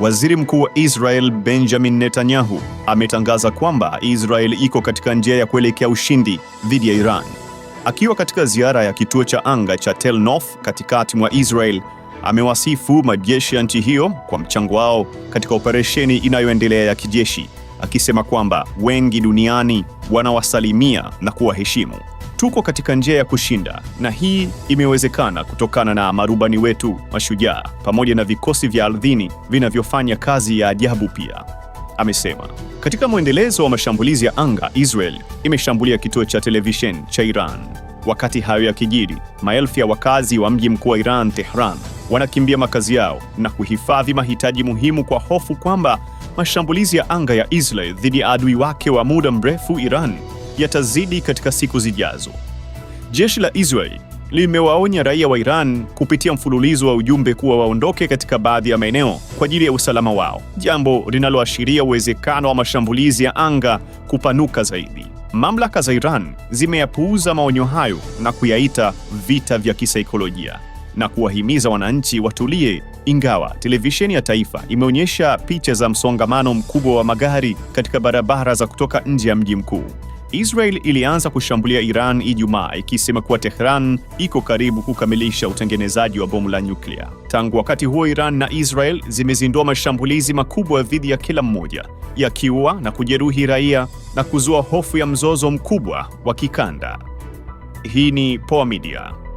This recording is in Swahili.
Waziri Mkuu wa Israel Benjamin Netanyahu ametangaza kwamba Israel iko katika njia ya kuelekea ushindi dhidi ya Iran. Akiwa katika ziara ya kituo cha anga cha Tel Nof katikati mwa Israel, amewasifu majeshi ya nchi hiyo kwa mchango wao katika operesheni inayoendelea ya kijeshi, akisema kwamba wengi duniani wanawasalimia na kuwaheshimu. Tuko katika njia ya kushinda na hii imewezekana kutokana na marubani wetu mashujaa pamoja na vikosi vya ardhini vinavyofanya kazi ya ajabu pia, amesema. Katika mwendelezo wa mashambulizi ya anga, Israel imeshambulia kituo cha televisheni cha Iran. Wakati hayo yakijiri, maelfu ya wakazi wa mji mkuu wa Iran, Tehran, wanakimbia makazi yao na kuhifadhi mahitaji muhimu kwa hofu kwamba mashambulizi ya anga ya Israel dhidi ya adui wake wa muda mrefu Iran yatazidi katika siku zijazo. Jeshi la Israel limewaonya raia wa Iran kupitia mfululizo wa ujumbe kuwa waondoke katika baadhi ya maeneo kwa ajili ya usalama wao, jambo linaloashiria uwezekano wa mashambulizi ya anga kupanuka zaidi. Mamlaka za Iran zimeyapuuza maonyo hayo na kuyaita vita vya kisaikolojia na kuwahimiza wananchi watulie, ingawa televisheni ya taifa imeonyesha picha za msongamano mkubwa wa magari katika barabara za kutoka nje ya mji mkuu. Israel ilianza kushambulia Iran Ijumaa ikisema kuwa Tehran iko karibu kukamilisha utengenezaji wa bomu la nyuklia. Tangu wakati huo, Iran na Israel zimezindua mashambulizi makubwa dhidi ya kila mmoja, yakiua na kujeruhi raia na kuzua hofu ya mzozo mkubwa wa kikanda. Hii ni Poa Media.